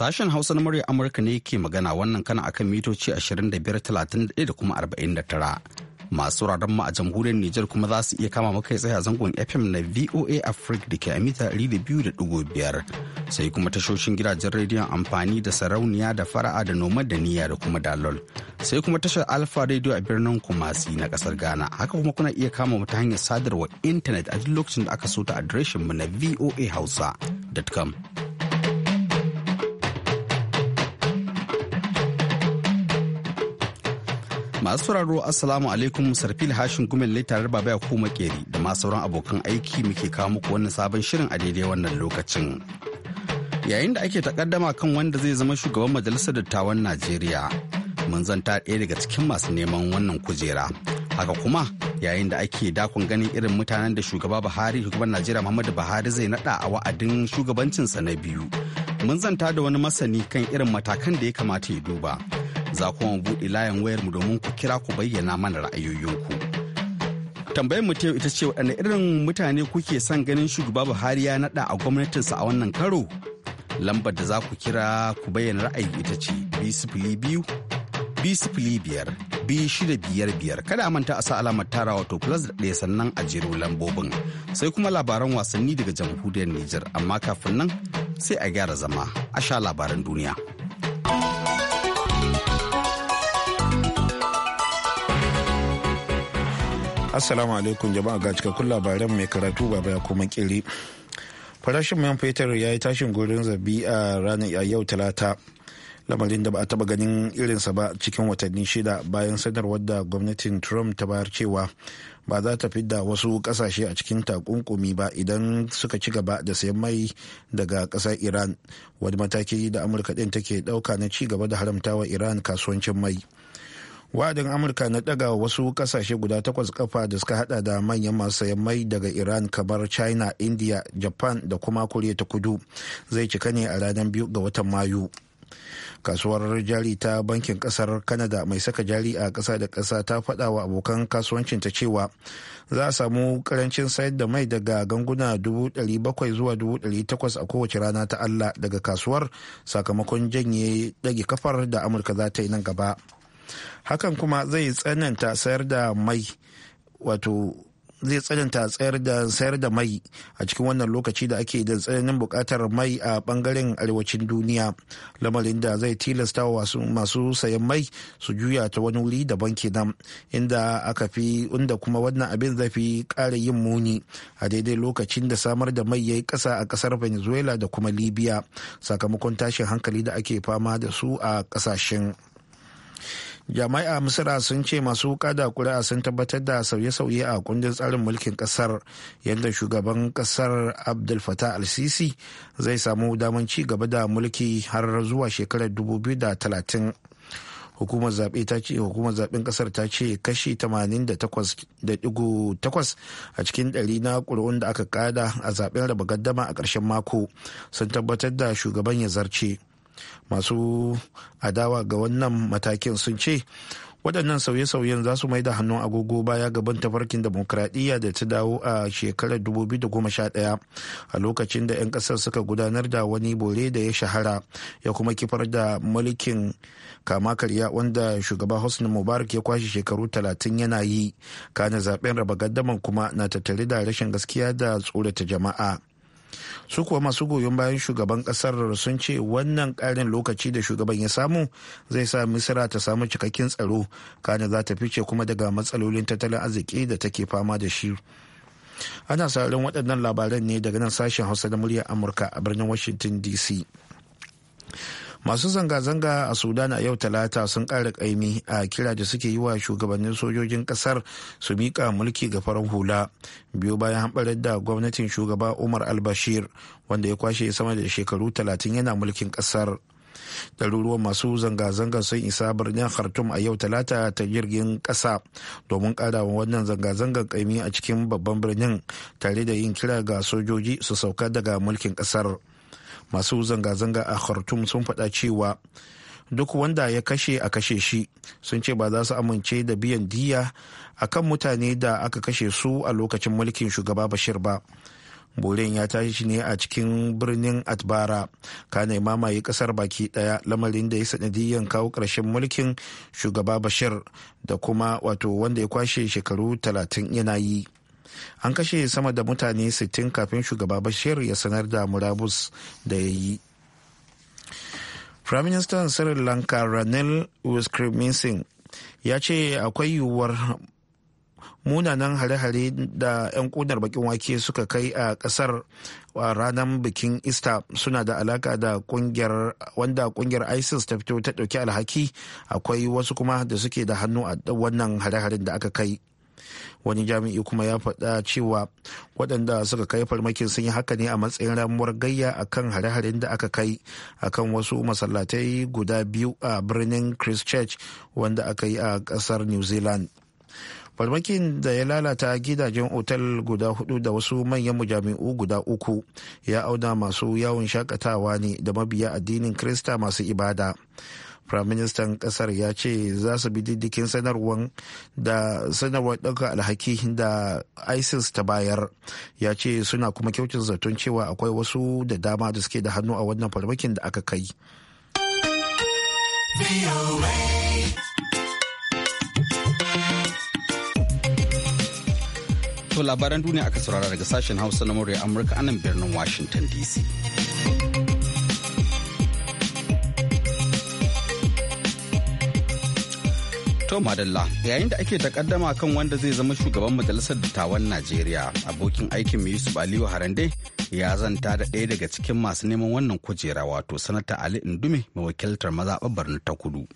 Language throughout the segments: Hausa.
Sashen Hausa na murya Amurka ne ke magana wannan kana akan mitoci 25,31 da kuma 49. Masu wuraren mu a jamhuriyar Nijar kuma za su iya kama maka tsaye a zangon FM na VOA Africa da ke a mita 200.5 sai kuma tashoshin gidajen rediyon amfani da sarauniya da fara'a da noma da niyya da kuma dalol. Sai kuma tashar Alfa Radio a birnin Kumasi na kasar Ghana. Haka kuma kuna iya kama mu ta hanyar sadarwar intanet a duk lokacin da aka so ta adireshin mu na voahausa.com. Masu sauraro Assalamu alaikum Sarfil Hashin Gumel ne tare da Baba Makeri da ma sauran abokan aiki muke kawo muku wannan sabon shirin a daidai wannan lokacin. Yayin da ake takaddama kan wanda zai zama shugaban majalisar dattawan Najeriya, mun zanta ɗaya daga cikin masu neman wannan kujera. Haka kuma yayin da ake dakon ganin irin mutanen da shugaba Buhari, shugaban Najeriya Muhammadu Buhari zai naɗa a wa'adin shugabancinsa na biyu. Mun zanta da wani masani kan irin matakan da ya kamata ya duba. za kuma mu buɗe layin wayar mu domin ku kira ku bayyana mana ra'ayoyinku. Tambayar mu yau ita ce waɗanne irin mutane kuke son ganin shugaba Buhari ya naɗa a gwamnatinsa a wannan karo? Lambar da za ku kira ku bayyana ra'ayi ita ce bi sifili biyu bi sifili biyar bi shida biyar biyar kada a manta a sa alamar tara wato plus da ɗaya sannan a jero lambobin sai kuma labaran wasanni daga jamhuriyar Nijar amma kafin nan sai a gyara zama a sha labaran duniya. Assalamu alaikum jama'a ga cikakkun labaran mai karatu baba ya kuma kiri. Farashin man fetur ya yi tashin gurin zabi a ranar yau talata. Lamarin da ba a taba ganin irinsa ba cikin watanni shida bayan sanarwar da gwamnatin Trump ta bayar cewa ba za ta fidda wasu kasashe a cikin takunkumi ba idan suka ci gaba da sayan mai daga ƙasar Iran. Wani mataki da Amurka ɗin take ɗauka na ci gaba da haramtawa Iran kasuwancin mai. wa'adin amurka na daga wasu kasashe guda takwas kafa da suka hada da manyan masu sayan mai daga iran kamar china india japan da kuma koriya ta kudu zai cika ne a ranar biyu ga watan mayu kasuwar jari ta bankin kasar canada mai saka jari a kasa da kasa ta faɗawa wa abokan kasuwancinta cewa za a samu karancin sayar da mai daga ganguna 700 zuwa 800 a kowace rana ta allah daga kasuwar sakamakon janye dage kafar da amurka za ta yi nan gaba. hakan kuma zai tsananta sayar da mai wato zai tsananta tsayar da sayar da mai a cikin wannan lokaci da ake da tsananin bukatar mai a bangaren arewacin duniya lamarin da zai tilasta wa masu sayan mai su juya ta wani wuri daban kenan inda aka fi inda kuma wannan abin zai fi ƙara yin muni a daidai lokacin da samar da mai ya yi ƙasa a ƙasar venezuela da kuma libya sakamakon tashin hankali da ake fama da su a ƙasashen. jami'a misira sun ce masu kada kuri'a sun tabbatar da sauye-sauye a kundin tsarin mulkin kasar yadda shugaban kasar abdul fatah al-sisi zai samu damar ci gaba da mulki har zuwa shekarar 2030 hukumar zaɓe ta zaɓen ƙasar ta ce kashi 88.8 a cikin ɗari na ƙuri'un da aka kada a zaɓen raba gaddama a ƙarshen mako sun tabbatar da shugaban ya zarce masu adawa ga wannan matakin sun ce waɗannan sauye-sauyen za su mai da hannun agogo baya gaban tafarkin demokradiyya da ta dawo a shekarar 2011 a lokacin da 'yan ƙasar suka gudanar da wani bore da ya shahara ya kuma kifar da mulkin kama karya wanda shugaba hosni mubarak ya kwashe shekaru 30 yana yi kana zaben raba gaddaman kuma na tattare da rashin gaskiya da tsorata jama'a su kuwa masu goyon bayan shugaban kasar sun ce wannan karin lokaci da shugaban ya samu zai sa misira ta samu cikakken tsaro kana za ta fice kuma daga matsalolin tattalin arziki da take fama da shi ana sauraron waɗannan labaran ne daga nan sashen hausa na muryar amurka a birnin washington dc masu zanga-zanga a sudan a yau talata sun ƙara ƙaimi a kira da suke yi wa shugabannin sojojin kasar su miƙa mulki ga farar hula biyu bayan hamɓarar da gwamnatin shugaba umar al-bashir wanda ya kwashe sama da shekaru talatin yana mulkin ƙasar ɗaruruwan masu zanga-zanga sun isa birnin khartoum a yau talata ta jirgin ƙasa domin ƙarawa wannan zanga-zangar ƙaimi a cikin babban birnin tare da yin kira ga sojoji su sauka daga mulkin ƙasar. masu zanga-zanga a khartoum sun faɗa cewa duk wanda ya kashe a kashe shi sun ce ba za su amince da biyan diya a kan mutane da aka kashe su a lokacin mulkin shugaba bashir ba boren ya tashi ne a cikin birnin atbara kane mamaye kasar baki daya lamarin da ya sanadiyyar kawo ƙarshen mulkin shugaba bashir da kuma wato wanda ya kwashe shekaru talatin yana yi. an kashe sama da mutane 60 kafin shugaba bashir ya sanar da murabus da ya yi firaministan sri lanka ranil wiskrimisin ya ce akwai yiwuwar munanan hare-hare da 'yan kunar bakin wake suka kai a kasar a ranar bikin easter suna da alaka da kungiyar wanda kungiyar isis ta fito ta dauki alhaki akwai wasu kuma da suke da hannu a wannan hare-haren da aka kai wani jami'i kuma ya faɗa cewa waɗanda suka kai farmakin sun yi haka ne a matsayin ramuwar gayya akan hare-haren da aka kai a kan wasu masallatai guda biyu a birnin christchurch wanda aka yi a ƙasar new zealand farmakin da ya lalata gidajen otal guda hudu da wasu manyan mujami'u guda uku ya auna masu yawon shakatawa ne da mabiya addinin krista masu ibada firaministan kasar ya ce za su bi diddikin sanarwar da sanarwar ɗaukar alhaki da isis ta bayar ya ce suna kuma kyautin zaton cewa akwai wasu da dama da suke da hannu a wannan farmakin da aka kai To labaran duniya aka saurara daga sashen hausa na murya amurka anan birnin washington dc To Madalla, yayin da ake takaddama kan wanda zai zama shugaban majalisar dattawan Najeriya, abokin aikin Yusuf Aliyu Harande ya zanta da ɗaya daga cikin masu neman wannan kujera wato sanata Ali Indume mawakiltar mazaɓar Borno ta Kudu.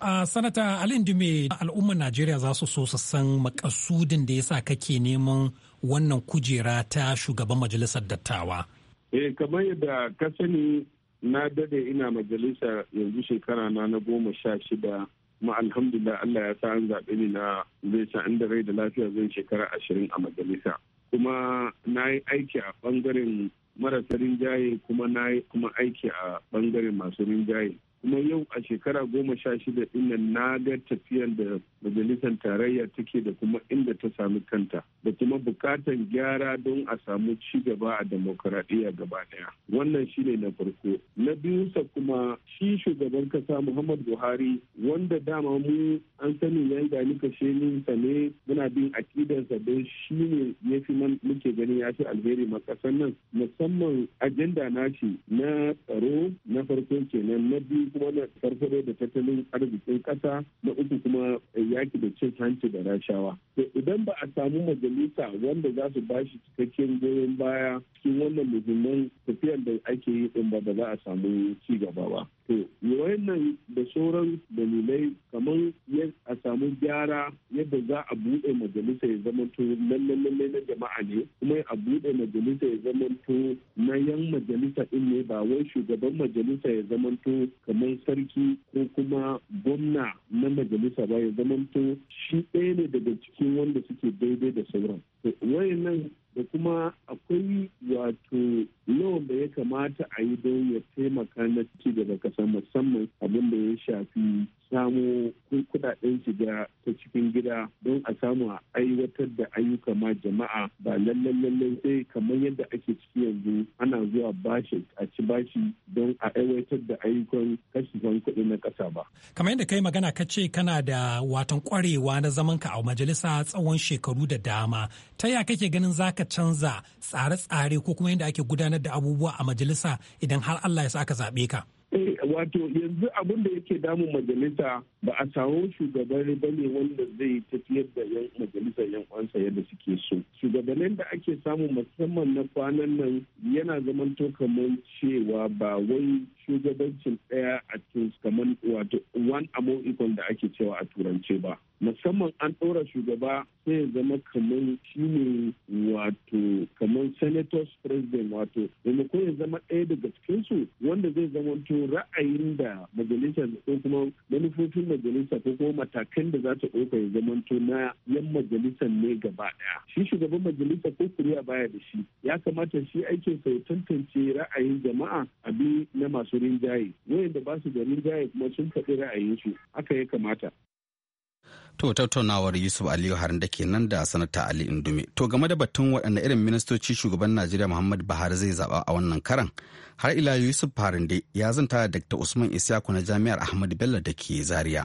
a uh, sanata Ali Indume al'ummar najeriya za su so su san makasudin da yasa kake neman wannan kujera ta shugaban majalisar dattawa eh kamar yadda ka sani na dade ina majalisa yanzu shekara na na goma sha shida kuma alhamdulillah Allah ya sa an zaɓe ni na zai sa inda rai da lafiya zan shekara ashirin a majalisa kuma na yi aiki a ɓangaren marasa rinjaye kuma na yi kuma aiki a ɓangaren masu rinjaye kuma yau a shekara goma sha shida ɗinnan na ga tafiyar da majalisar tarayya take da kuma inda ta sami kanta da kuma bukatan gyara don a samu ci gaba a demokradiyya gaba daya wannan shine na farko na biyu sa kuma shi shugaban kasa muhammad buhari wanda dama mu an sani yi gani kashe nisa ne muna bin akidansa don shi ne ya fi muke gani ya fi alheri ma kasan nan musamman ajenda shi na tsaro na farko kenan na biyu kuma na farko da tattalin arzikin ƙasa na uku kuma eh, yaki da cin hanci da rashawa to idan ba a samu majalisa wanda za su bashi cikakken goyon baya cikin wannan muhimman tafiyar da ake yi din ba ba za a samu ci gaba ba to nan da sauran dalilai kamar a samu gyara yadda za a buɗe majalisa ya to lalle na jama'a ne kuma a buɗe majalisa ya zamanto na yan majalisa din ne ba wai shugaban majalisa ya zamanto kamar sarki ko kuma gwamna na majalisa ba ya zamanto shi ɗaya ne daga cikin wanda suke daidai da sauran wayannan da kuma akwai wato lawan da ya kamata a yi don ya taimaka na ci gaba kasa musamman abin da ya shafi samo kudaden shiga ta cikin gida don a samu a aiwatar da ayyuka ma jama'a ba lallan lallan sai kamar yadda ake ciki yanzu ana zuwa bashi a ci bashi don a aiwatar da ayyukan kashin kuɗi na ƙasa ba. Kamar yadda kai magana ka ce kana da watan ƙwarewa na zaman ka a majalisa tsawon shekaru da dama. Ta ya kake ganin zaka canza tsare-tsare ko kuma yadda ake gudanar da abubuwa a majalisa idan har Allah ya sa aka zaɓe ka? Eh, wato yanzu abin da yake damun majalisa ba a samu shugaban ba ne wanda zai tafiyar da yan majalisa yan uwansa yadda suke so shugabannin da ake samu musamman na kwanan nan yana to kamar cewa ba wai shugabancin daya a kamar wato one among equal da ake cewa a turance ba musamman an ɗora shugaba sai ya zama kamar shi ne wato kamar senators president wato ya zama ɗaya daga cikinsu wanda zai zamanto ra'ayin da majalisa ko kuma manufofin majalisa ko kuma matakan da za ta ɗauka ya zamanto na yan majalisan ne gaba ɗaya shi shugaban majalisa ko kuriya baya da shi ya kamata shi aikin sa ya tantance ra'ayin jama'a a biyu na masu rinjaye wayanda ba su da rinjaye kuma sun faɗi ra'ayin su haka ya kamata To tattaunawar Yusuf Aliyu Harin da ke nan da sanata Ali Indumi. To game da batun waɗanda irin ministoci shugaban Najeriya Muhammad Buhari zai zaɓa a wannan karan har ila yusuf farinde ya zanta da dr usman isyaku na jami'ar ahmadu bello da ke zaria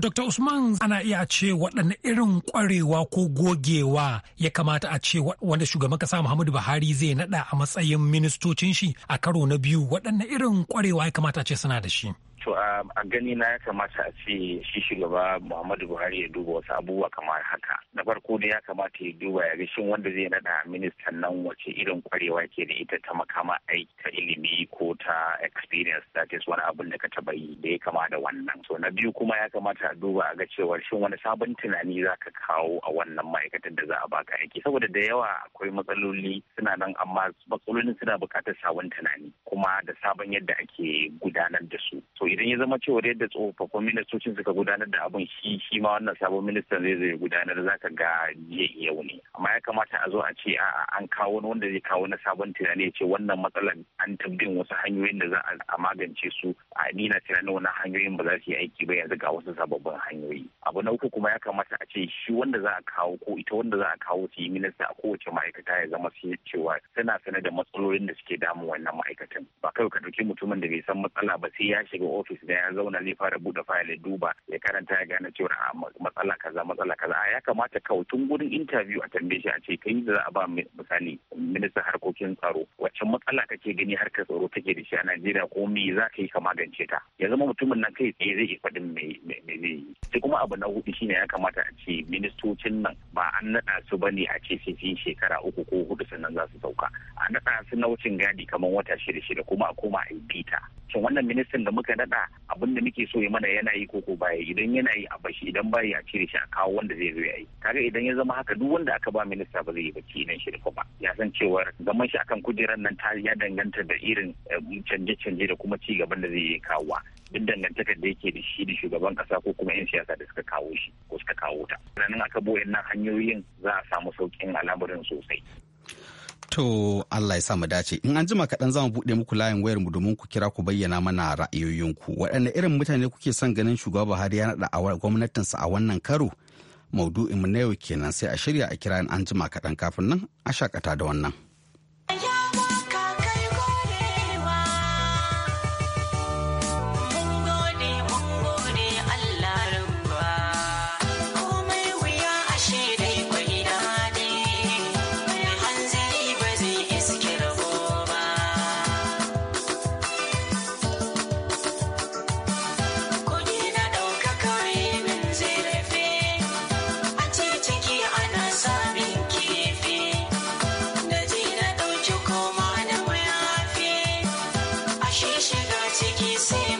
Dr. Usman ana iya ce waɗanne irin kwarewa ko gogewa ya kamata a ce wanda shugaban kasa Muhammadu Buhari zai naɗa a matsayin ministocin shi a karo na biyu waɗanne irin ƙwarewa ya kamata ce suna da shi. to a gani na ya kamata a ce shi shugaba muhammadu buhari ya duba wasu abubuwa kamar haka na farko da ya kamata ya duba ya shin wanda zai nada ministan nan wace irin kwarewa ke da ita ta makama aiki ta ilimi ko ta experience that is wani abun da ka taba yi da ya kama da wannan so na biyu kuma ya kamata a duba a ga cewa shin wani sabon tunani za ka kawo a wannan ma'aikatan da za a baka aiki saboda da yawa akwai matsaloli suna nan amma matsalolin suna bukatar sabon tunani kuma da sabon yadda ake gudanar da su so idan ya zama cewa yadda tsofaffin ministocin suka gudanar da abin shi shi ma wannan sabon ministan zai zai gudanar ka ga jiya yau ne amma ya kamata a zo a ce an kawo wani wanda zai kawo na sabon tunani ya ce wannan matsalar an tabbin wasu hanyoyin da za a magance su a ni na tunanin wani hanyoyin ba za su yi aiki ba yanzu ga wasu sababbin hanyoyi abu na uku kuma ya kamata a ce shi wanda za a kawo ko ita wanda za a kawo su yi minista a kowace ma'aikata ya zama su cewa tana sanar da matsalolin da suke damun wannan ma'aikatan ba kawai ka ɗauki mutumin da bai san matsala ba sai ya shiga ofis da ya zauna zai fara buɗe fayil duba ya karanta ya gane cewa ah, a matsala kaza matsala kaza a ya kamata kawai tun gurin interview a tambaye shi a ce kai da za a ba misali ministan harkokin tsaro wacce matsala kake gani harkar tsaro take da shi a Najeriya ko me za ka yi ka magance ta ya zama mutumin nan kai tsaye zai yi faɗin me zai yi sai kuma abu na hudu shine ya kamata a ce ministocin nan ba an naɗa su ba ne a ce sai sun shekara uku ko hudu sannan za su sauka a naɗa su na wucin gadi kamar wata shida shida kuma a koma a yi bita shin wannan ministan da muka nada abin da muke so ya mana yana yi koko baya idan yana yi a bashi idan ba a cire shi a kawo wanda zai zo ya yi kaga idan ya zama haka duk wanda aka ba minista ba zai yi bacci nan shi ba ya san cewar zaman shi akan kujerar nan ta ya danganta da irin eh, canje-canje da kuma ci gaban da zai yi kawo duk dangantakar da yake da shi da shugaban kasa ko kuma yan siyasa da suka kawo shi ko suka kawo ta. Ranar aka boyen nan hanyoyin za a samu sauƙin al'amarin sosai. To Allah ya sa mu dace. In an jima kaɗan za mu buɗe muku layin wayar mu domin ku kira ku bayyana mana ra'ayoyinku. Waɗanne irin mutane kuke son ganin shugaba Buhari ya naɗa a gwamnatinsa a wannan karo? Maudu'in mu na yau kenan sai a shirya a kira in an jima kaɗan kafin nan a shakata da wannan. sarki sai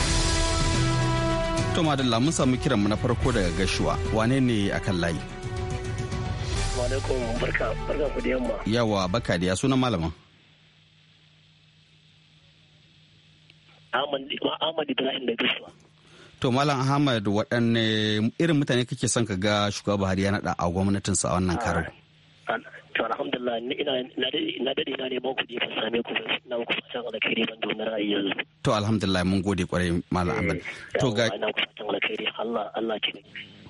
To Madalla mun samu kiranmu na farko daga gashuwa wane ne a kan layi? Yawa baka da sunan malamin. Ahmad To Malam Ahmad waɗanne irin mutane kake son ka ga shugaba Buhari ya naɗa a gwamnatinsa a wannan karar? Ah, to alhamdulillah ina na dade na ba ku je same ku na ku fatan alkhairi ban don ra'ayi yanzu to alhamdulillah mun gode kwarai malam Ahmad eh, to ga ku fatan alkhairi Allah Allah ki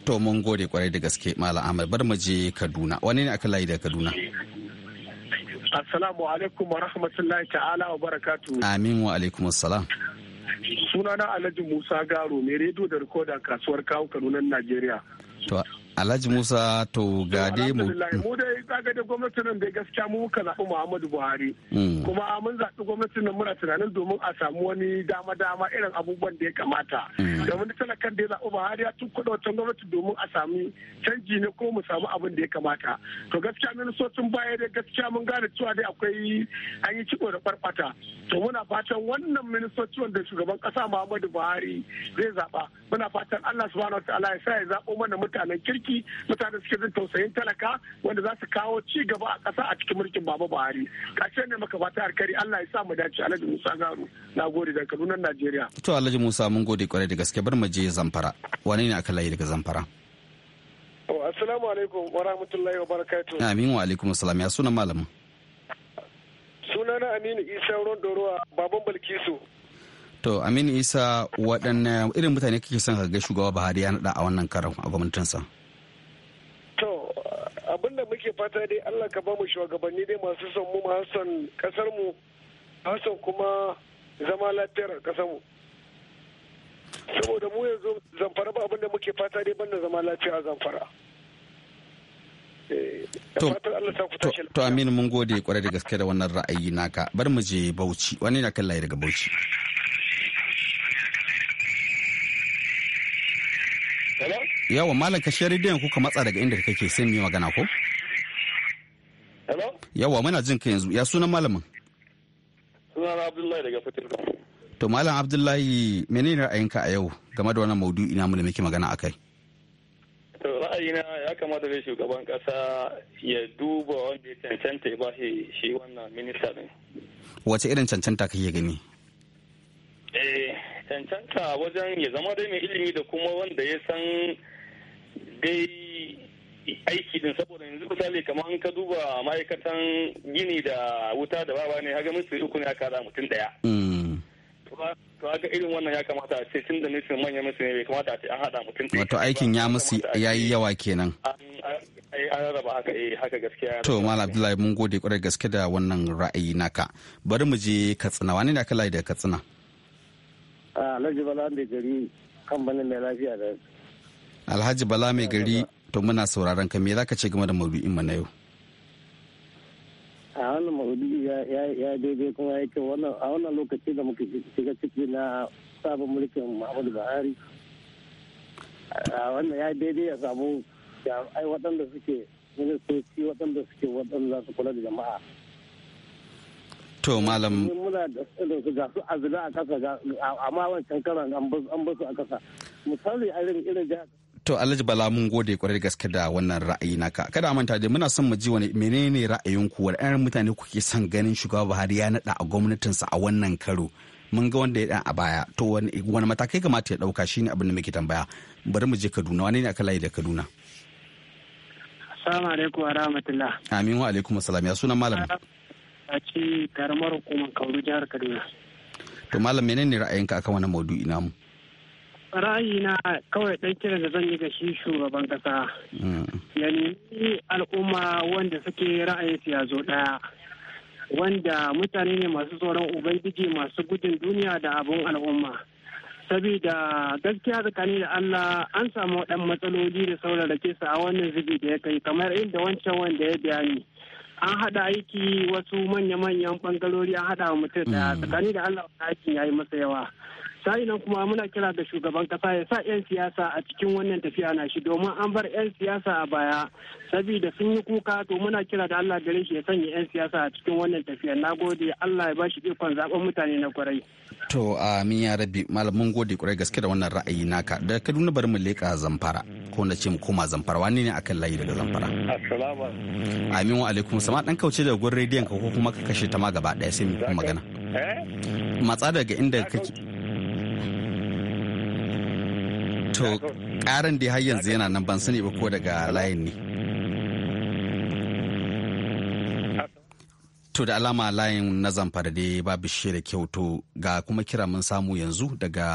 to mun gode kwarai da gaske malam Ahmad bar mu je Kaduna wani ne aka layi da Kaduna Assalamu alaikum wa rahmatullahi ta'ala wa barakatuh Amin wa alaikum assalam Sunana Alhaji Musa Garo mai rediyo da rikoda kasuwar kawo Kanunan Najeriya Alhaji Musa to ga mu. Mu dai kaga da gwamnatin nan da gaskiya mu muka zaɓi Muhammadu Buhari. Hmm. Kuma mun zaɓi gwamnatin nan muna tunanin domin a samu wani dama-dama irin abubuwan da ya kamata. Hmm. Domin da talakan da ya zaɓi Buhari ya tukkuɗa wata gwamnati domin a sami canji ne ko mu samu abin da ya kamata. To gaskiya tun baya dai gaskiya mun gane cewa dai akwai an yi ciko da farfata. To muna fatan wannan ministoci wanda shugaban ƙasa Muhammadu Buhari zai zaɓa. Muna fatan Allah subhanahu wa ta'ala ya sa ya zaɓo mana mutanen kirki ciki mutane suke jin tausayin talaka wanda za su kawo ci gaba a ƙasa a cikin mulkin baba buhari kashe ne maka fata alkari allah ya sa mu dace alhaji musa garu na gode daga kaduna najeriya to alhaji musa mun gode kwarai da gaske bar mu je zamfara wani ne aka layi daga zamfara oh, assalamu alaikum wa rahmatullahi wa barakatu amin wa alaikum assalam ya sunan malamin sunana aminu isa ruwan dorowa baban balkisu To Aminu Isa waɗanne irin mutane kake son ka ga shugaba Buhari ya naɗa a wannan karan a gwamnatinsa? abin da muke fata dai allah ka ba mu shugabanni dai masu son mu masu son kasar mu son kuma zama lafiyar kasar mu saboda mu yanzu zamfara ba abin da muke fata dai banda zama lafiya a zamfara eh, to aminu mun gode kwarai da gaske da wannan ra'ayi naka bar mu je bauchi wani na kan layi daga bauchi yawa malam kashe rediyon kuka matsa daga inda kake sai mu yi magana ko yawa muna jin ka yanzu ya sunan malamin sunan abdullahi daga fitir to malam abdullahi menene ra'ayinka a yau game da wannan ina mu da muke magana akai to ra'ayina ya kamata dai shugaban kasa ya duba wanda ya cancanta ya bashi shi wannan minista din wace irin cancanta kake gani eh cancanta wajen ya zama dai mai ilimi da kuma wanda ya san dai aiki din saboda yanzu misali kamar an ka duba ma'aikatan gini da wuta da baba ne haga musu uku ne aka haɗa mutum daya mm. to haka irin wannan ya kamata a ce tun da nufin manya musu ne bai kamata a ce an hada mutum daya wato aikin ya musu ya yi yawa kenan. an raba haka eh haka gaskiya. to malam abdullahi mun gode kwarai gaske da wannan ra'ayi naka bari mu je katsina wani na kala da katsina. Ah, alhaji bala mai gari kan bana mai lafiya da. alhaji bala mai gari to muna sauraron ka me zaka ce game da maudu'in mu na yau a wannan maudu ya daidai kuma ya ke a wannan lokaci da muka shiga ciki na sabon mulkin muhammadu buhari a wannan ya daidai ya samu ai waɗanda suke ministoci waɗanda suke waɗanda za su kula da jama'a To malam. Muna da su ga su a zina a kasa amma wancan karan an basu a kasa. Misali a irin irin jihar To Alhaji Bala mun gode kwarai gaske da wannan ra'ayi naka. Kada manta da muna son mu ji wani menene ra'ayinku wa ɗan mutane kuke son ganin shugaba Buhari ya naɗa a gwamnatinsa a wannan karo. Mun ga wanda ya dan a baya to wani matakai kamata ya ɗauka shine abin da muke tambaya. Bari mu je Kaduna wani ne aka layi da Kaduna. Assalamu alaikum wa rahmatullah. Amin wa alaikum assalam ya sunan malam. A ce karamar hukumar Kauru jihar Kaduna. To malam menene ra'ayinka akan wannan maudu'i namu? ra'ayi na kawai ɗan kiran da zan yi ga shi shugaban ƙasa ya nemi al'umma wanda suke ra'ayin ya zo ɗaya wanda mutane ne masu tsoron ubangiji masu gudun duniya da abun al'umma sabida gaskiya tsakani da allah an samu ɗan matsaloli da saurarake su a wannan zubi da ya kai kamar inda wancan wanda ya bayani an haɗa aiki wasu manya-manyan ɓangarori an haɗa mutum da mm. tsakani da allah aikin ya yi masa yawa sai nan kuma muna kira da shugaban kasa ya sa 'yan siyasa a cikin wannan tafiya na shi domin an bar 'yan siyasa a baya saboda sun yi kuka to muna kira da Allah gare shi ya sanya 'yan siyasa a cikin wannan tafiya na gode Allah ya bashi ikon zaben mutane na kwarai to amin ya rabi malamin gode kwarai gaske da wannan ra'ayi naka da Kaduna bari mu leka Zamfara ko na ce mu koma Zamfara wani ne akan layi daga Zamfara assalamu amin wa alaikum sama dan kauce daga gurin rediyon ka ko kuma ka kashe ta ma gaba daya sai mu magana eh? matsa daga inda kake to karin da har yanzu yana nan ban sani ba ko daga layin ne to da alama layin na zamfara dai ba shi da kyau to ga kuma kira mun samu yanzu daga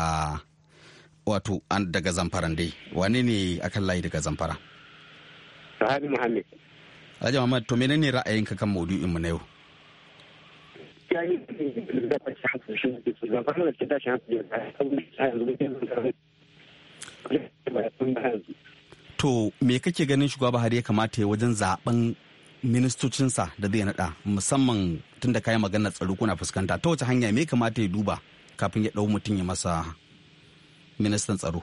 wato an daga zamfara dai wani ne akan layi daga zamfara sahabi muhammad alhaji muhammad to menene ra'ayinka kan maudu'in mu na yau da da da da da shi shi shi To me kake ganin shugaba Buhari ya kamata ya wajen zaben ministocinsa da zai naɗa musamman tun da kayan maganar tsaro kuna fuskanta ta wace hanya me kamata ya duba kafin ya dau mutum ya masa ministan tsaro.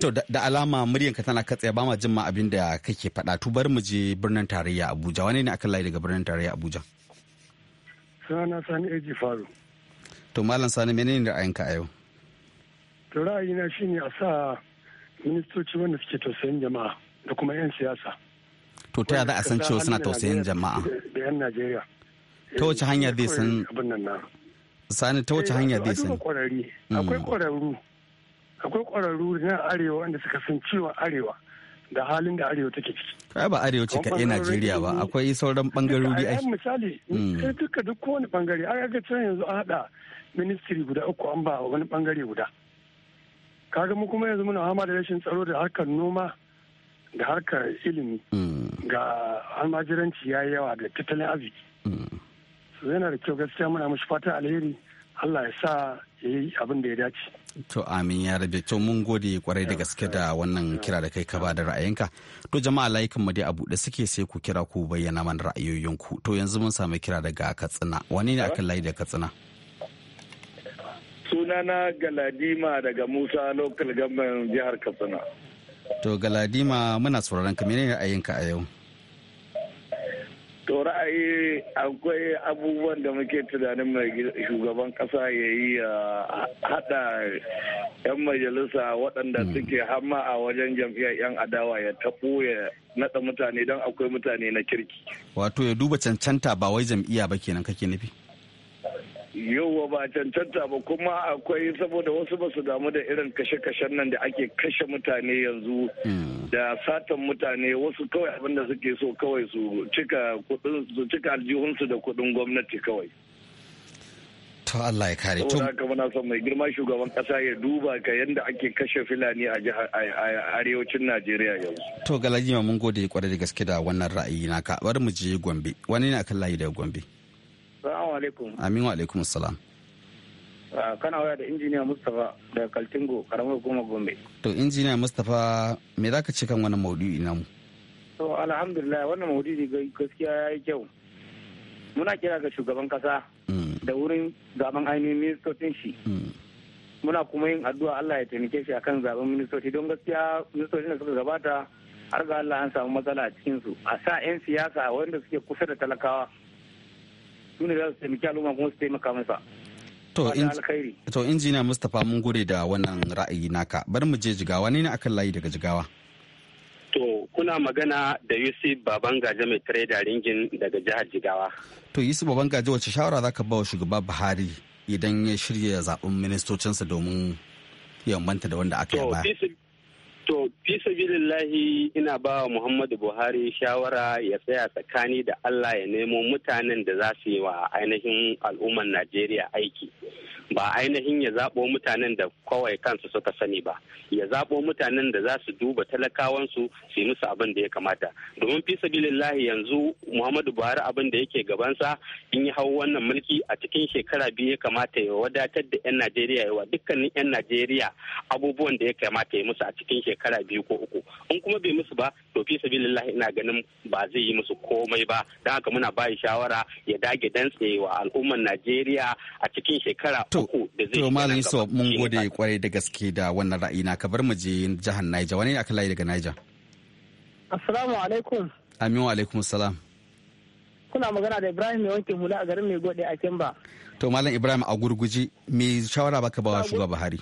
To da alama ka tana katsaya ba ma jin ma abin da kake faɗa tu bar mu je birnin tarayya Abuja wani ne akan layi daga birnin tarayya Abuja. sunana sani eji faru to malam sani menene ra'ayinka a yau to ra'ayina shine a sa ministoci wanda suke tausayin jama'a da kuma 'yan siyasa to ta yada a san cewa suna tausayin jama'a da 'yan najeriya ta wace eh, hanya zai san sani ta wace eh, hanya zai san mm. akwai kwararru akwai kwararru na arewa wanda suka san cewa arewa da halin da arewa take ciki. Kai ba arewa ce kaɗai Najeriya ba akwai sauran bangarori ai. misali sai mm. duka duk kowane bangare a ga can yanzu an haɗa ministry guda uku an ba wani bangare guda. Kaga mu kuma yanzu muna hama da rashin tsaro da harkar noma da harkar ilimi mm. ga almajiranci ya yi yawa da tattalin arziki. Mm. Yana da kyau gaskiya muna mashi fatan alheri. Allah ya sa ya yi abin da ya dace. To amin ya rabe to mun gode kwarai da gaske da wannan kira da kai ka ba da ra'ayinka. To jama'a layukan mu dai a buɗe suke sai ku kira ku bayyana mana ra'ayoyinku. To yanzu mun samu kira daga Katsina. Wani ne akan layi da Katsina? Sunana Galadima daga Musa Local Government jihar Katsina. To Galadima muna sauraron ka menene ra'ayinka a yau? to ra'ayi akwai abubuwan da muke tunanin mai shugaban kasa ya yi hada 'yan majalisa waɗanda hmm. suke hamma a wajen jam'iyyar 'yan adawa ya taɓo ya naɗa mutane don akwai mutane na kirki wato ya duba cancanta ba wai jam'iyya ba kenan kake nufi yauwa ba cancanta ba kuma akwai saboda wasu ba su damu da irin kashe-kashen nan da ake kashe mutane yanzu hmm. da satan mutane wasu kawai abinda suke so kawai su cika su cika aljihunsu da kudin gwamnati kawai to Allah ya kare to haka muna son mai girma shugaban kasa ya duba ka yanda ake kashe filani a arewacin Najeriya yanzu to galaji mun gode kwarai da gaske da wannan ra'ayi naka bari mu je Gombe wani ne akan layi daga Gombe alaikum. Amin wa alaikum salam. Ah, kana waya da injiniya Mustapha daga Kaltingo, karamar hukumar Gombe. To injiniya Mustapha me za ka ce kan wannan maudu'i namu? To alhamdulillah wannan maudu'i gaskiya ya yi kyau. Muna kira ga shugaban kasa hmm. da wurin zaben ainihin ministocin shi. Hmm. Muna kuma yin addu'a Allah ya taimake shi akan zaben ministoci don gaskiya ministocin da suka gabata har ga Allah an samu matsala a cikinsu. A sa 'yan siyasa wanda suke kusa da talakawa. su ne za su taimaki al'umma kuma su taimaka masa to injina mustapha mun gode da wannan ra'ayi naka bari mu je jigawa ne akan layi daga jigawa to kuna magana da yusuf baban gaje mai trader ringin daga jihar jigawa to yusuf baban gaje wace shawara zaka ba wa shugaba buhari idan ya shirya zaben ministocinsa domin ya da wanda aka yi baya To, fi lahi ina ba wa Muhammadu Buhari shawara ya tsaya tsakani da Allah ya nemo mutanen da za su yi wa ainihin al'ummar Najeriya aiki. Ba ainihin ya zaɓo mutanen da kawai kansu suka sani ba, ya zaɓo mutanen da za su duba talakawansu su yi musu abin da ya kamata. Domin fi lahi yanzu Muhammadu Buhari abin da yake gabansa in yi hau wannan mulki a cikin shekara biyu ya kamata ya wadatar da 'yan Najeriya ya wa dukkanin 'yan Najeriya abubuwan da ya kamata ya musu a cikin shekara shekara biyu ko uku in kuma bai musu ba to fi sabilillahi ina ganin ba zai yi musu komai ba don haka muna bayi shawara ya dage dantse wa al'ummar Najeriya a cikin shekara uku da zai to malam yusuf mun gode kwarai da gaske da wannan ra'ayi na ka bar mu je jihar Niger wani aka layi daga Niger Assalamu alaikum Amin wa alaikum salam kuna magana da Ibrahim mai wanke hula a garin mai gode a Kimba to malam Ibrahim a gurguji me shawara baka bawa shugaba Buhari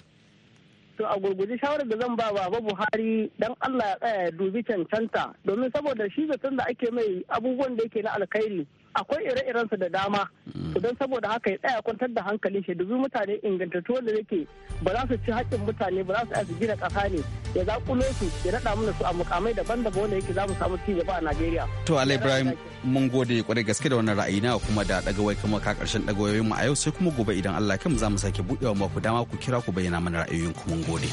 to a gurguje shawarar da zan ba baba buhari dan allah ya tsaya ya dubi cancanta domin saboda shi zaton da ake mai abubuwan da yake na alkhairi akwai ire-iren sa da dama to don saboda haka ya tsaya kwantar da hankali shi dubi mutane ingantattu wanda yake ba za su ci haƙƙin mutane ba za su aiki gina ƙasa ne ya zaƙulo su ya naɗa mana su a mukamai daban-daban wanda yake za mu samu ci gaba a Najeriya. To Ali Ibrahim mun gode kwarai gaske da wannan ra'ayi na kuma da ɗagawai kamar ka ƙarshen ɗagawoyin mu a yau sai kuma gobe idan Allah kai mu za mu sake buɗewa maku dama ku kira ku bayyana mana ra'ayoyin ku mun gode.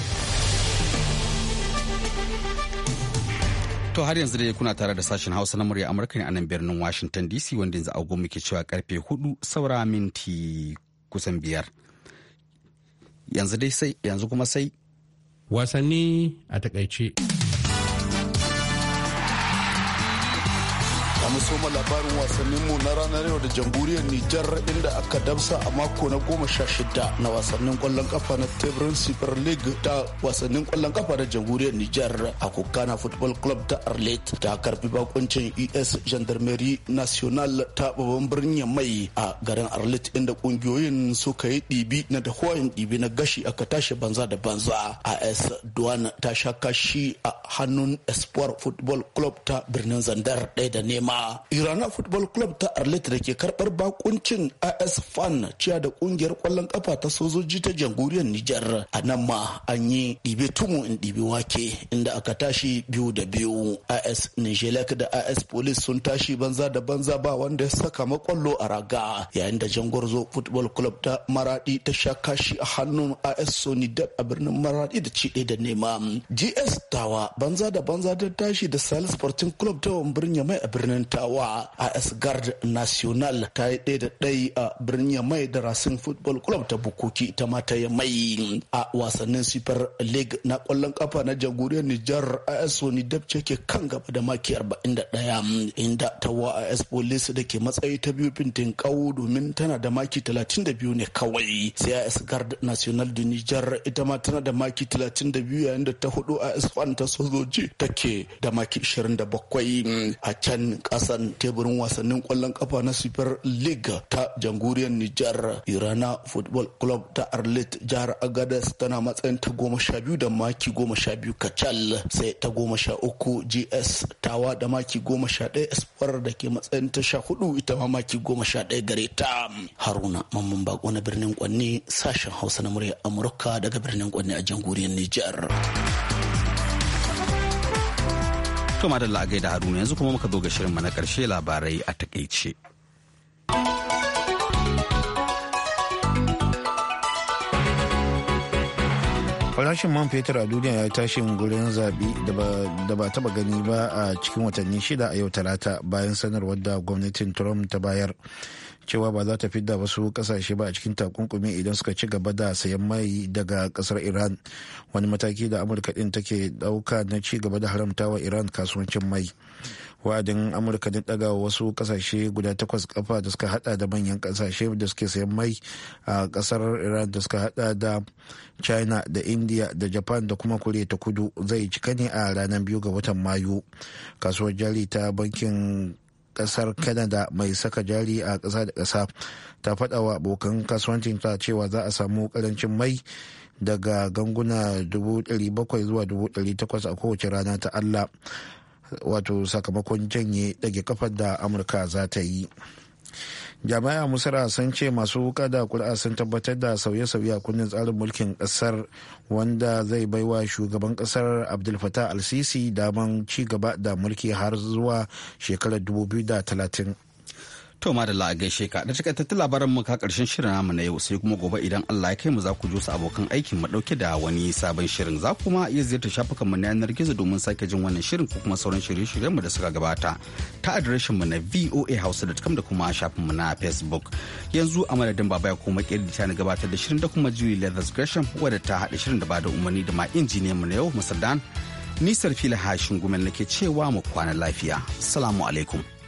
To har yanzu dai kuna tare da sashen Hausa na murya Amurka ne a nan birnin Washington DC wanda yanzu agogo muke cewa karfe hudu saura minti kusan biyar. Yanzu dai sai yanzu kuma sai. Wasanni a takaice. soma labarin wasannin mu na ranar yau da jamhuriyar Nijar inda aka damsa a mako na goma sha shida na wasannin kwallon kafa na teburin Super League ta wasannin kwallon kafa na jamhuriyar Nijar a Kukana Football Club ta Arlet ta karbi bakuncin ES Gendarmerie National ta babban birnin mai a garin Arlet inda kungiyoyin suka yi dibi na dahoyin dibi na gashi aka tashi banza da banza. A AS Duan ta sha kashi a hannun Espoir Football Club ta birnin Zandar ɗaya da nema irana football club ta arlet da ke karbar bakuncin as fan ciya da kungiyar kwallon kafa ta sojoji ta jamhuriyar nijar a nan ma an yi ɗibe tumu in ɗibe wake inda aka tashi biyu da biyu as nijelek da as police sun tashi banza da banza ba wanda ya saka makwallo a raga yayin da zo football club ta maradi ta sha kashi a hannun as sonidad a birnin maradi da ci da nema gs tawa banza da banza ta tashi da sal sporting club ta ya mai a birnin ta wa AS asgard National ta yi ɗaya da ɗai a birnin mai da Racing Football Club ta Bukoki ita ma ta mai a wasannin Super League na ƙwallon kafa na jagoriyar Nijar AS Wani Dabce ke kan gaba da maki 41 inda ta wa AS Police da ke matsayi ta biyu fintin kawo domin tana da maki 32 ne kawai sai Asgard National da Nijar ita ma tana da maki 32 yayin da ta hudu AS Fan ta sojoji take da maki 27 a can ƙasa wasan teburin wasannin kwallon kafa na super league ta jamhuriyar nijar irana football club ta arlit jihar agadas tana matsayin ta goma sha biyu da maki goma sha biyu kacal sai ta goma sha uku gs tawa da maki goma sha ɗaya espoir da ke matsayin ta sha hudu ita ma maki goma sha ɗaya gare ta haruna mamman bako na birnin kwanne sashen hausa na murya amurka daga birnin kwanne a jamhuriyar nijar. To madalla a gaida Haruna yanzu kuma muka zo ga shirin na karshe labarai a takaice. farashin man fetur a duniya ya tashi gurin zaɓi da ba taɓa gani ba a cikin watanni shida a yau talata bayan sanarwar da gwamnatin trump ta bayar cewa ba za ta fidda wasu kasashe ba a cikin takunkumi idan suka ci gaba da sayan mai daga kasar iran wani mataki da amurka din take dauka na ci gaba da wa iran kasuwancin mai wa'adin amurka din daga wasu kasashe guda takwas kafa da suka hada da manyan kasashe da suke sayan mai a kasar iran da suka hada da china da india da japan da kuma kure ta kudu zai cika ne a ranar biyu ga watan mayu kasuwar jari ta bankin kasar canada mai saka jari a ƙasa da ƙasa ta faɗa wa abokan kasuwancinta cewa za a samu ƙarancin mai daga ganguna 700 zuwa 800 a kowace rana ta allah wato sakamakon janye ɗage kafar da amurka za ta yi jami'a musara sun ce masu wuka da kuri'a sun tabbatar da sauye-sauye a kundin tsarin mulkin kasar wanda zai baiwa shugaban kasar abdul fatah al-sisi daman ci gaba da mulki har zuwa shekarar 2030 To madalla a gaishe ka da takaitattun labaran muka karshen shirin namu na yau sai kuma gobe idan Allah ya kai mu za ku su abokan aikin mu dauke da wani sabon shirin za kuma iya ziyarta shafukan mu na yanar gizo domin sake jin wannan shirin ko kuma sauran shirye-shiryen mu da suka gabata ta adireshin mu na voahouse.com da kuma shafin mu na Facebook yanzu a madadin baba ya kuma kirdi ta gabatar da shirin da kuma Julie Leathers Gresham wadda ta hada shirin da bada umarni da ma injiniyan mu na yau Musaddan Dan ni Sarfila Hashin Gumel nake cewa mu kwana lafiya. Salamu alaikum.